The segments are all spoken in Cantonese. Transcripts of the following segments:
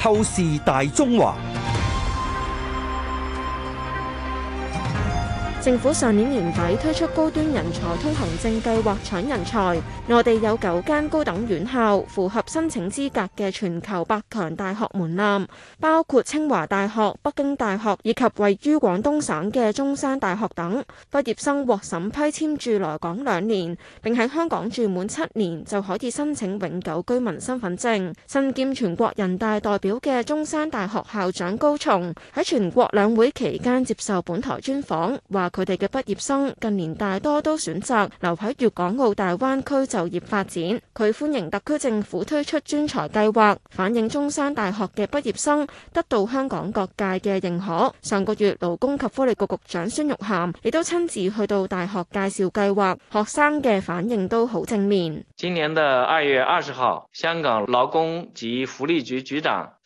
透視大中華。政府上年年底推出高端人才通行證計劃搶人才，內地有九間高等院校符合申請資格嘅全球百強大學門檻，包括清華大學、北京大學以及位於廣東省嘅中山大學等。畢業生獲審批簽注來港兩年，並喺香港住滿七年就可以申請永久居民身份證。身兼全國人大代表嘅中山大學校長高松喺全國兩會期間接受本台專訪話。佢哋嘅畢業生近年大多都選擇留喺粵港澳大灣區就業發展。佢歡迎特區政府推出專才計劃，反映中山大學嘅畢業生得到香港各界嘅認可。上個月勞工及福利局局長孫玉菡亦都親自去到大學介紹計劃，學生嘅反應都好正面。今年嘅二月二十號，香港勞工及福利局局長，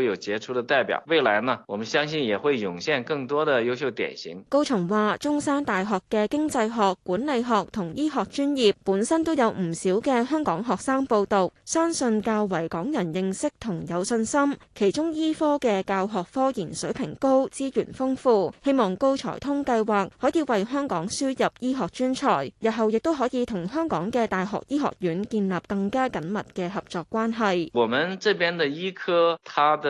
都有傑出的代表，未來呢，我們相信也會湧現更多的優秀典型。高崇話：中山大學嘅經濟學、管理學同醫學專業本身都有唔少嘅香港學生報讀，相信較為港人認識同有信心。其中醫科嘅教學科研水平高，資源豐富。希望高才通計劃可以為香港輸入醫學專才，日後亦都可以同香港嘅大學醫學院建立更加緊密嘅合作關係。我們這邊的醫科，他的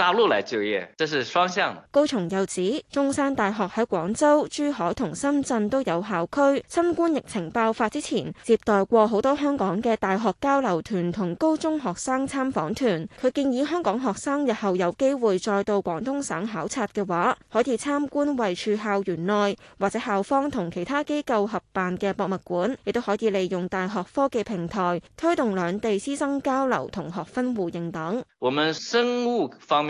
大陸嚟就業，這是雙向。高松又指中山大學喺廣州、珠海同深圳都有校區。新冠疫情爆發之前，接待過好多香港嘅大學交流團同高中學生參訪團。佢建議香港學生日後有機會再到廣東省考察嘅話，可以參觀位處校園內或者校方同其他機構合辦嘅博物館，亦都可以利用大學科技平台推動兩地師生交流同學分互認等。我們生物方面。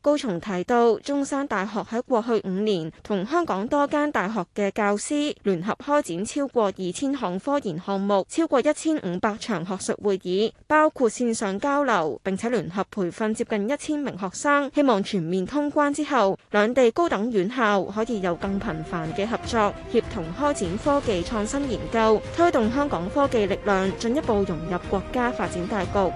高松提到，中山大學喺過去五年同香港多間大學嘅教師聯合開展超過二千項科研項目，超過一千五百場學術會議，包括線上交流，並且聯合培訓接近一千名學生。希望全面通關之後，兩地高等院校可以有更頻繁嘅合作，協同開展科技創新研究，推動香港科技力量進一步融入國家發展大局。